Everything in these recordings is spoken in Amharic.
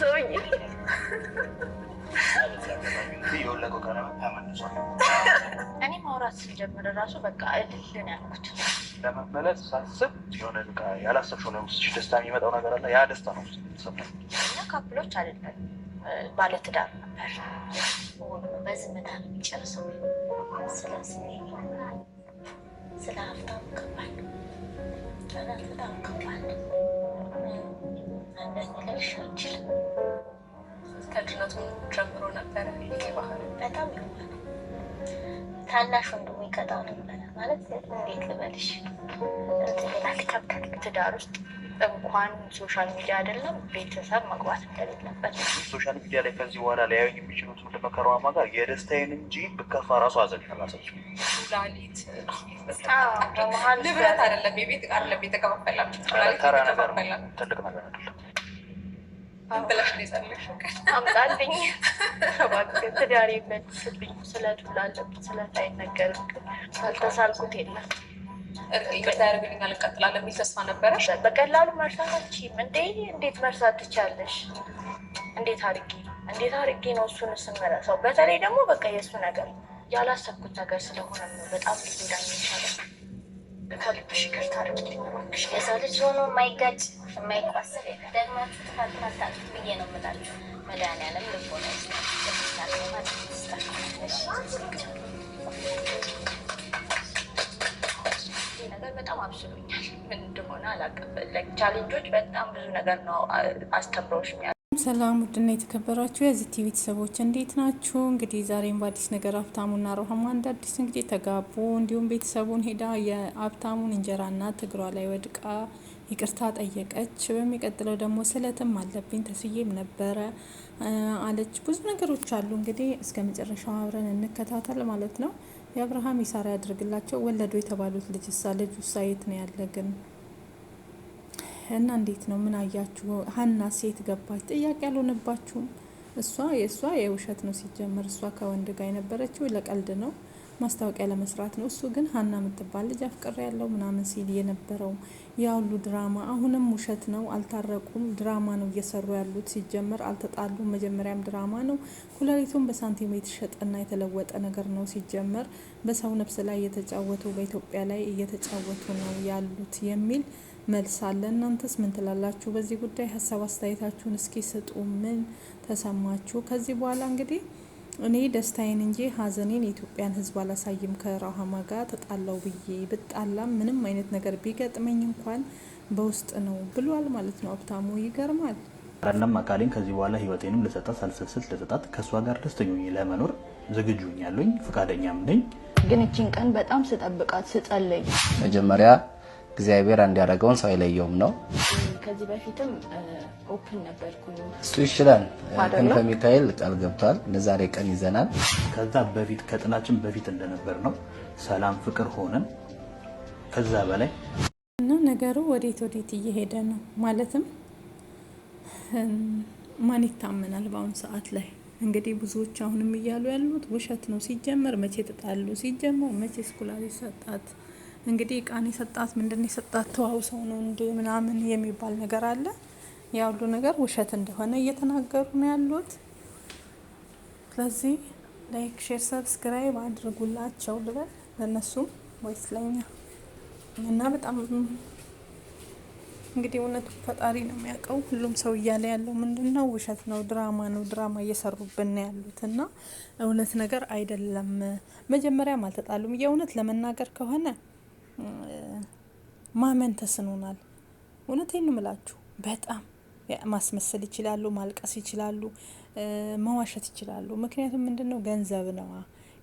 ሰውዬ እኔ ማውራት ስጀምር እራሱ በቃ እልልን ያልኩት ለመመለስ ሳስብ የሆነ በቃ ያላሰብሽው ነው ውስጥሽ ደስታ የሚመጣው ነገር አለ። ያ ደስታ ነው እኛ ካፕሎች አይደለም ባለትዳር ነበር። በዝምታ የሚጨርሰው። ስለ ስሜ ስለ ሀብታም ከባድ በጣም ከባድ አንዳንድ ላይ ይሻችል ከድነቱ ጀምሮ ነበረ ባህል በጣም ይሆናል። ታናሽ ወንድሙ ይቀጣው ነበረ ማለት እንዴት ልበልሽ፣ እንትሌላል ይከብዳል። ትዳር ውስጥ እንኳን ሶሻል ሚዲያ አይደለም ቤተሰብ መግባት እንደሌለበት ሶሻል ሚዲያ ላይ ከዚህ በኋላ ሊያዩኝ የሚችሉት ለመከራዋ ማጋር የደስታዬን እንጂ ብከፋ ራሱ አዘን ላሰች ንብረት አይደለም የቤት አይደለም የተከፋፈላችሁ ትልቅ ነገር አይደለም። አንብላሽ አልተሳልኩት የለም ይቅርታ እንቀጥላለን የሚል ተስፋ ነበረ። በቀላሉ መርሳት አልችልም እንዴ! እንዴት መርሳት ትቻለሽ? እንዴት አድርጌ እንዴት አድርጌ ነው እሱን ስመረሰው? በተለይ ደግሞ በቃ የእሱ ነገር ያላሰብኩት ነገር ስለሆነ በጣም ሊጎዳኝ ይቻላል። ከልብሽ ይቅርታ አድርጊልኝ የሰው ልጅ ሆኖ የማይጋጭ ብዬ ነው የምላችሁ። መድኃኒዓለም ልቦና ነገር በጣም አብስሎኛል። ምን እንደሆነ አላውቅም። ቻሌንጆች በጣም ብዙ ነገር ነው አስተምረውሽ ሰላም ውድና የተከበራችሁ የዚህ ቲቪ ቤተሰቦች እንዴት ናችሁ? እንግዲህ ዛሬም በአዲስ ነገር ሀብታሙና ሮሀም አንድ አዲስ እንግዲህ ተጋቡ። እንዲሁም ቤተሰቡን ሄዳ የሀብታሙን እንጀራ እናት እግሯ ላይ ወድቃ ይቅርታ ጠየቀች። በሚቀጥለው ደግሞ ስለትም አለብኝ ተስዬም ነበረ አለች። ብዙ ነገሮች አሉ እንግዲህ እስከ መጨረሻው አብረን እንከታተል ማለት ነው። የአብርሃም ይሳራ ያድርግላቸው። ወለዶ የተባሉት ልጅ ሳ ልጅ ውሳየት ነው ያለ ግን እና እንዴት ነው ምን አያችሁ? ሀና ሴት ገባች ጥያቄ አልሆነባችሁም? እሷ የእሷ የውሸት ነው ሲጀመር። እሷ ከወንድ ጋር የነበረችው ለቀልድ ነው፣ ማስታወቂያ ለመስራት ነው። እሱ ግን ሀና የምትባል ልጅ አፍቅር ያለው ምናምን ሲል የነበረው ያ ሁሉ ድራማ አሁንም ውሸት ነው። አልታረቁም፣ ድራማ ነው እየሰሩ ያሉት። ሲጀመር አልተጣሉም፣ መጀመሪያም ድራማ ነው። ኩላሊቱን በሳንቲም የተሸጠና የተለወጠ ነገር ነው ሲጀመር። በሰው ነፍስ ላይ እየተጫወቱ በኢትዮጵያ ላይ እየተጫወቱ ነው ያሉት የሚል መልስ አለ። እናንተስ ምን ትላላችሁ? በዚህ ጉዳይ ሀሳብ አስተያየታችሁን እስኪ ስጡ። ምን ተሰማችሁ? ከዚህ በኋላ እንግዲህ እኔ ደስታዬን እንጂ ሀዘኔን የኢትዮጵያን ሕዝብ አላሳይም ከራሃማ ጋር ተጣላው ብዬ ብጣላም ምንም አይነት ነገር ቢገጥመኝ እንኳን በውስጥ ነው ብሏል ማለት ነው። ሀብታሙ ይገርማል። ረናም አካሌን ከዚህ በኋላ ህይወቴንም ልሰጣት ሳልሰስት ልሰጣት ከእሷ ጋር ደስተኞኝ ለመኖር ዝግጁኝ ያለኝ ፈቃደኛም ነኝ። ግን እችን ቀን በጣም ስጠብቃት ስጸለይ መጀመሪያ እግዚአብሔር አንድ ያደረገውን ሰው አይለየውም ነው። ከዚህ በፊትም ኦፕን ነበርኩኝ። እሱ ይችላል። ክንፈ ሚካኤል ቃል ገብቷል። ለዛሬ ቀን ይዘናል። ከዛ በፊት ከጥናችን በፊት እንደነበር ነው። ሰላም ፍቅር ሆነን ከዛ በላይ እና ነገሩ ወዴት ወዴት እየሄደ ነው? ማለትም ማን ይታመናል በአሁኑ ሰዓት ላይ? እንግዲህ ብዙዎች አሁንም እያሉ ያሉት ውሸት ነው። ሲጀመር መቼ ተጣሉ? ሲጀመር መቼ ስኩላሪ ሰጣት እንግዲህ እቃን የሰጣት ምንድን የሰጣት ተዋውሰው ነው እንዴ ምናምን የሚባል ነገር አለ። ያ ሁሉ ነገር ውሸት እንደሆነ እየተናገሩ ነው ያሉት። ስለዚህ ላይክ፣ ሼር፣ ሰብስክራይብ አድርጉላቸው ልበል ለእነሱም ወይስ ለኛ እና በጣም እንግዲህ እውነቱ ፈጣሪ ነው የሚያውቀው። ሁሉም ሰው እያለ ያለው ምንድን ነው? ውሸት ነው፣ ድራማ ነው፣ ድራማ እየሰሩብን ያሉት እና እውነት ነገር አይደለም። መጀመሪያም አልተጣሉም። የእውነት ለመናገር ከሆነ ማመን ተስኖናል። እውነቴን ነው በጣም ማስመሰል ይችላሉ፣ ማልቀስ ይችላሉ፣ መዋሸት ይችላሉ። ምክንያቱም ምንድን ነው ገንዘብ ነዋ።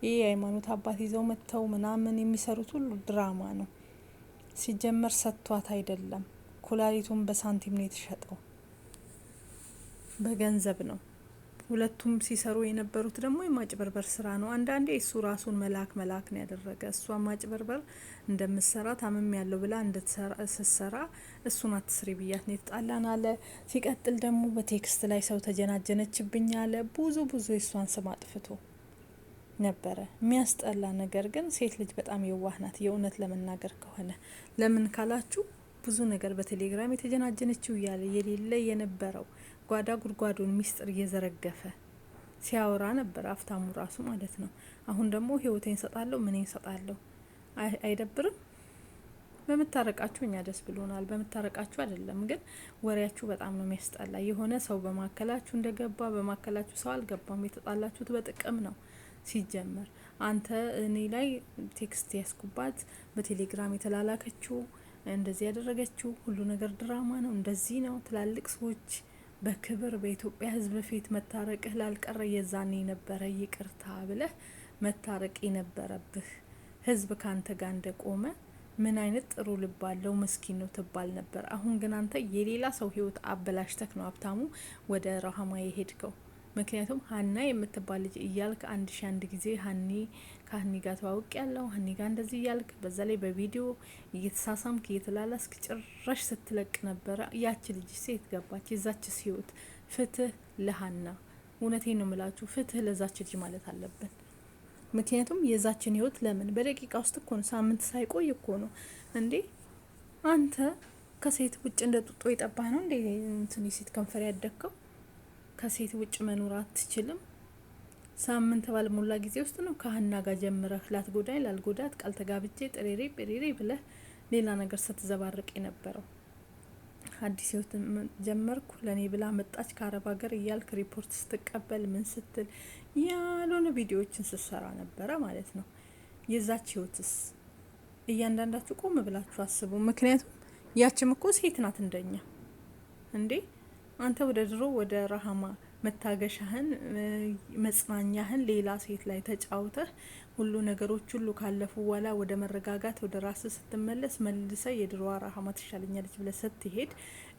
ይህ የሃይማኖት አባት ይዘው መጥተው ምናምን የሚሰሩት ሁሉ ድራማ ነው። ሲጀመር ሰጥቷት አይደለም ኩላሊቱን በሳንቲም ነው የተሸጠው፣ በገንዘብ ነው። ሁለቱም ሲሰሩ የነበሩት ደግሞ የማጭበርበር ስራ ነው። አንዳንዴ እሱ ራሱን መልአክ መልአክ ነው ያደረገ። እሷ ማጭበርበር እንደምትሰራ ታምም ያለው ብላ ስትሰራ እሱን አትስሪ ብያት ነው የተጣላን አለ። ሲቀጥል ደግሞ በቴክስት ላይ ሰው ተጀናጀነችብኝ አለ። ብዙ ብዙ የእሷን ስም አጥፍቶ ነበረ የሚያስጠላ ነገር። ግን ሴት ልጅ በጣም የዋህ ናት፣ የእውነት ለመናገር ከሆነ ለምን ካላችሁ ብዙ ነገር በቴሌግራም የተጀናጀነችው እያለ የሌለ የነበረው ጓዳ ጉድጓዱን ሚስጥር እየዘረገፈ ሲያወራ ነበር አፍታሙ ራሱ ማለት ነው። አሁን ደግሞ ህይወቴን ሰጣለሁ ምን ሰጣለሁ አይደብርም? በምታረቃችሁ እኛ ደስ ብሎናል። በምታረቃችሁ አይደለም ግን ወሬያችሁ በጣም ነው የሚያስጠላ። የሆነ ሰው በማከላችሁ እንደገባ በማከላችሁ ሰው አልገባም። የተጣላችሁት በጥቅም ነው ሲጀመር። አንተ እኔ ላይ ቴክስት ያስኩባት በቴሌግራም የተላላከችው እንደዚህ ያደረገችው ሁሉ ነገር ድራማ ነው፣ እንደዚህ ነው ትላልቅ ሰዎች በክብር በኢትዮጵያ ሕዝብ ፊት መታረቅህ ላልቀረ የዛኔ ነበረ ይቅርታ ብለህ መታረቅ የነበረብህ ሕዝብ ካንተ ጋር እንደቆመ ምን አይነት ጥሩ ልብ አለው ምስኪን ነው ትባል ነበር። አሁን ግን አንተ የሌላ ሰው ሕይወት አበላሽተክ ነው ሀብታሙ ወደ ረሃማ የሄድከው። ምክንያቱም ሀና የምትባል ልጅ እያልክ አንድ ሺ አንድ ጊዜ ሀኒ ከሀኒ ጋር ተዋውቅ ያለው ሀኒ ጋር እንደዚህ እያልክ በዛ ላይ በቪዲዮ እየተሳሳምክ እየተላላስክ ጭራሽ ስትለቅ ነበረ። ያቺ ልጅ ሴት ገባች። የዛች ህይወት ፍትህ ለሀና። እውነቴ ነው ምላችሁ፣ ፍትህ ለዛች ልጅ ማለት አለብን። ምክንያቱም የዛችን ህይወት ለምን በደቂቃ ውስጥ እኮ ነው፣ ሳምንት ሳይቆይ እኮ ነው እንዴ አንተ ከሴት ውጭ እንደ ጡጦ የጠባህ ነው እንዴ እንትን የሴት ከንፈር ያደግከው? ከሴት ውጭ መኖር አትችልም። ሳምንት ባልሞላ ጊዜ ውስጥ ነው ከሀና ጋር ጀምረህ ላትጎዳኝ ላልጎዳት ቃል ተጋብቼ ጥሬሬ ጥሬሬ ብለህ ሌላ ነገር ስትዘባርቅ የነበረው። አዲስ ህይወት ጀመርኩ ለእኔ ብላ መጣች ከአረብ ሀገር እያልክ ሪፖርት ስትቀበል ምን ስትል ያልሆነ ቪዲዮዎችን ስትሰራ ነበረ ማለት ነው። የዛች ህይወትስ እያንዳንዳችሁ ቆም ብላችሁ አስቡ። ምክንያቱም ያችም እኮ ሴት ናት እንደኛ እንዴ አንተ ወደ ድሮ ወደ ረሃማ መታገሻህን መጽናኛህን ሌላ ሴት ላይ ተጫውተህ ሁሉ ነገሮች ሁሉ ካለፉ በኋላ ወደ መረጋጋት ወደ ራስህ ስትመለስ መልሰ የድሮዋ ረሃማ ትሻለኛለች ብለህ ስትሄድ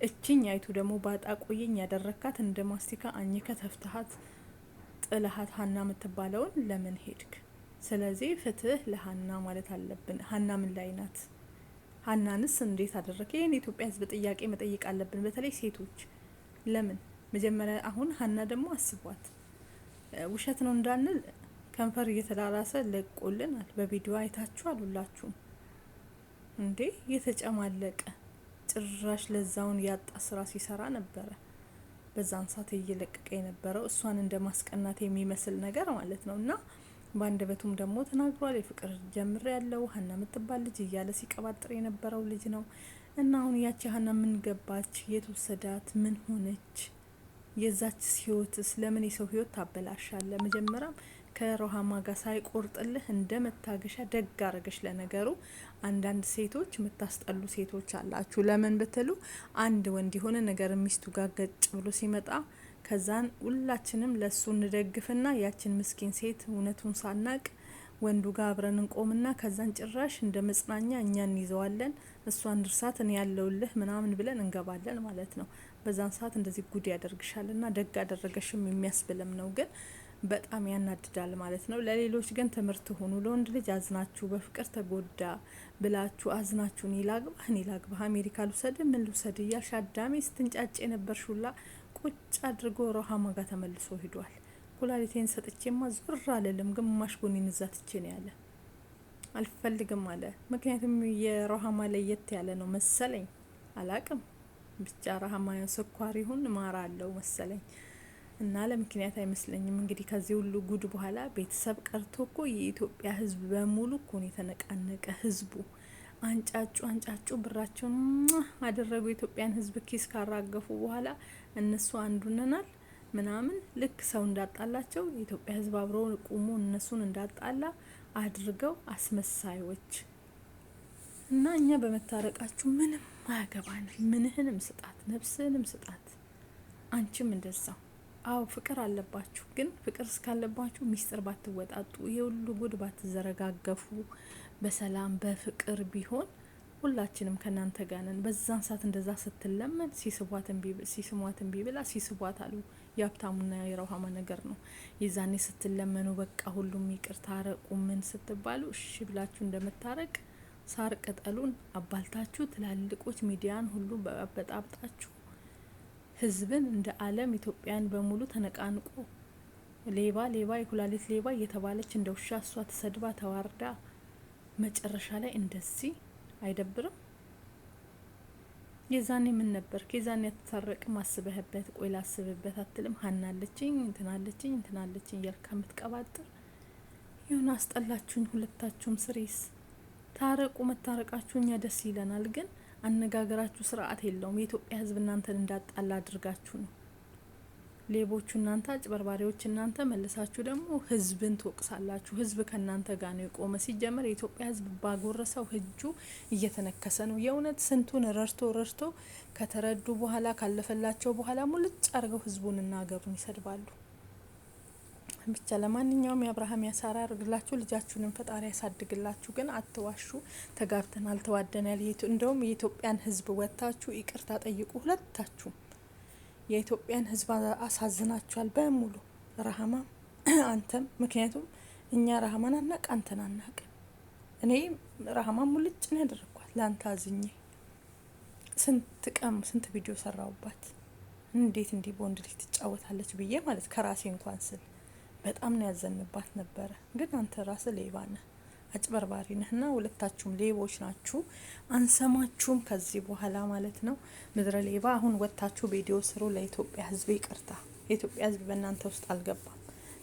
እችኝ አይቱ ደግሞ ባጣቆየኝ ቆየኝ ያደረካት እንደ ማስቲካ አኝከ ተፍትሀት ጥልሀት ሀና የምትባለውን ለምን ሄድክ? ስለዚህ ፍትህ ለሀና ማለት አለብን። ሀና ምን ላይ ናት? ሀናንስ እንዴት አደረገ? ይህን የኢትዮጵያ ሕዝብ ጥያቄ መጠየቅ አለብን። በተለይ ሴቶች ለምን መጀመሪያ አሁን ሀና ደግሞ አስቧት ውሸት ነው እንዳንል ከንፈር እየተላላሰ ለቆልናል። በቪዲዮ አይታችሁ አሉላችሁም እንዴ የተጨማለቀ ጭራሽ ለዛውን ያጣ ስራ ሲሰራ ነበረ። በዛን ሰዓት እየለቀቀ የነበረው እሷን እንደ ማስቀናት የሚመስል ነገር ማለት ነው። እና በአንደበቱም ደግሞ ተናግሯል። የፍቅር ጀምር ያለው ሀና የምትባል ልጅ እያለ ሲቀባጥር የነበረው ልጅ ነው። እና አሁን ያቺ ሀና ምን ገባች? የት ወሰዳት? ምን ሆነች? የዛች ህይወትስ ለምን የሰው ህይወት ታበላሻለ? መጀመሪያም ከሮሃማ ጋር ሳይቆርጥልህ እንደ መታገሻ ደግ አረገሽ። ለነገሩ አንዳንድ ሴቶች የምታስጠሉ ሴቶች አላችሁ። ለምን ብትሉ አንድ ወንድ የሆነ ነገር ሚስቱ ጋር ገጭ ብሎ ሲመጣ ከዛን ሁላችንም ለሱ እንደግፍና ያችን ምስኪን ሴት እውነቱን ሳናቅ ወንዱ ጋር አብረን እንቆምና ከዛን ጭራሽ እንደ መጽናኛ እኛ እንይዘዋለን እሷን ድርሳት እኔ ያለውልህ ምናምን ብለን እንገባለን ማለት ነው። በዛን ሰዓት እንደዚህ ጉድ ያደርግሻል እና ደግ አደረገሽም የሚያስብልም ነው ግን በጣም ያናድዳል ማለት ነው። ለሌሎች ግን ትምህርት ሆኑ። ለወንድ ልጅ አዝናችሁ በፍቅር ተጎዳ ብላችሁ አዝናችሁ እኔ ላግባህ እኔ ላግባህ አሜሪካ ልውሰድ ምን ልውሰድ እያልሽ አዳሜ ስትንጫጭ የነበርሽ ሁላ ቁጭ አድርጎ ሮሃማ ጋር ተመልሶ ሂዷል። ኩላሊቴን ማ ዞር አለልም፣ ግማሽ ጎኔን እዛ ትቼ ነው ያለ አልፈልግም አለ። ምክንያቱም የረሃማ ለየት ያለ ነው መሰለኝ አላቅም። ብቻ ረሃማ ስኳር ይሁን ማራ አለው መሰለኝ እና ለምክንያት አይመስለኝም። እንግዲህ ከዚህ ሁሉ ጉድ በኋላ ቤተሰብ ቀርቶ እኮ የኢትዮጵያ ሕዝብ በሙሉ እኮ ነው የተነቃነቀ። ሕዝቡ አንጫጩ አንጫጩ ብራቸውን አደረጉ። የኢትዮጵያን ሕዝብ ኪስ ካራገፉ በኋላ እነሱ አንዱ ነናል። ምናምን ልክ ሰው እንዳጣላቸው የኢትዮጵያ ህዝብ አብሮ ቁሙ እነሱን እንዳጣላ አድርገው አስመሳዮች እና እኛ በመታረቃችሁ ምንም አያገባን። ምንህንም ስጣት፣ ነፍስህንም ስጣት፣ አንቺም እንደዛው። አዎ ፍቅር አለባችሁ፣ ግን ፍቅር እስካለባችሁ ሚስጥር ባትወጣጡ፣ የሁሉ ጉድ ባትዘረጋገፉ፣ በሰላም በፍቅር ቢሆን ሁላችንም ከእናንተ ጋር ነን። በዛን ሰዓት እንደዛ ስትለመን ሲስቧት እምቢ ብላ ሲስቧት አሉ የሀብታሙና የረውሃማ ነገር ነው። የዛኔ ስትለመኑ በቃ ሁሉም ይቅር ታረቁ ምን ስትባሉ እሺ ብላችሁ እንደምታረቅ ሳር ቅጠሉን አባልታችሁ ትላልቆች ሚዲያን ሁሉ በጣብጣችሁ ህዝብን እንደ አለም ኢትዮጵያን በሙሉ ተነቃንቆ ሌባ ሌባ የኩላሊት ሌባ እየተባለች እንደ ውሻ እሷ ተሰድባ ተዋርዳ መጨረሻ ላይ እንደዚህ አይደብርም? የዛኔ ምን ነበር ከዛኔ አትታረቅም ማስበህበት ቆይ ላስብበት አትልም ሀናለችኝ እንትናለችኝ እንትናለችኝ እያልክ ከምትቀባጥር ይሁን አስጠላችሁኝ ሁለታችሁም ስሬስ ታረቁ መታረቃችሁ እኛ ደስ ይለናል ግን አነጋገራችሁ ስርዓት የለውም የኢትዮጵያ ህዝብ እናንተን እንዳጣላ አድርጋችሁ ነው ሌቦቹ እናንተ፣ አጭበርባሪዎች እናንተ፣ መልሳችሁ ደግሞ ህዝብን ትወቅሳላችሁ። ህዝብ ከእናንተ ጋር ነው የቆመ። ሲጀመር የኢትዮጵያ ህዝብ ባጎረሰው እጁ እየተነከሰ ነው። የእውነት ስንቱን ረድቶ ረድቶ ከተረዱ በኋላ ካለፈላቸው በኋላ ሙልጭ አድርገው ህዝቡንና ሀገሩን ይሰድባሉ። ብቻ ለማንኛውም የአብርሃም ያሳራ ያርግላችሁ፣ ልጃችሁንም ፈጣሪ ያሳድግላችሁ። ግን አትዋሹ። ተጋብተናል፣ ተዋደናል። እንደውም የኢትዮጵያን ህዝብ ወጥታችሁ ይቅርታ ጠይቁ ሁለታችሁም። የኢትዮጵያን ህዝብ አሳዝናችኋል በሙሉ ረሃማ አንተም። ምክንያቱም እኛ ረሃማን አናቅ አንተን አናቅ። እኔ ረሃማ ሙልጭ ነው ያደረግኳት ለአንተ አዝኜ። ስንት ቀም ስንት ቪዲዮ ሰራውባት እንዴት እንዲህ በወንድ ልጅ ትጫወታለች ብዬ ማለት ከራሴ እንኳን ስል በጣም ነው ያዘንባት ነበረ። ግን አንተ ራስ ሌባ ነህ። አጭበርባሪ ነህና ሁለታችሁም ሌቦች ናችሁ፣ አንሰማችሁም ከዚህ በኋላ ማለት ነው። ምድረ ሌባ አሁን ወጥታችሁ ቪዲዮ ስሩ። ለኢትዮጵያ ሕዝብ ይቅርታ። የኢትዮጵያ ሕዝብ በእናንተ ውስጥ አልገባም።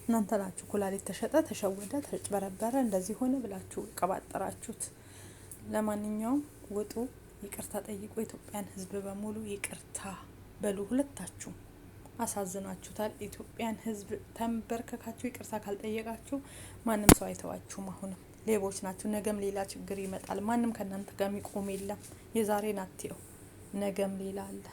እናንተ ናችሁ ኩላሊት ተሸጠ፣ ተሸወደ፣ ተጭበረበረ፣ እንደዚህ ሆነ ብላችሁ ቀባጠራችሁት። ለማንኛውም ውጡ፣ ይቅርታ ጠይቁ። የኢትዮጵያን ሕዝብ በሙሉ ይቅርታ በሉ ሁለታችሁም አሳዝናችሁታል። ኢትዮጵያን ህዝብ ተንበርከካችሁ ይቅርታ ካልጠየቃችሁ ማንም ሰው አይተዋችሁም። አሁንም ሌቦች ናቸው። ነገም ሌላ ችግር ይመጣል። ማንም ከእናንተ ጋር የሚቆም የለም። የዛሬ ናትየው ነገም ሌላ አለ።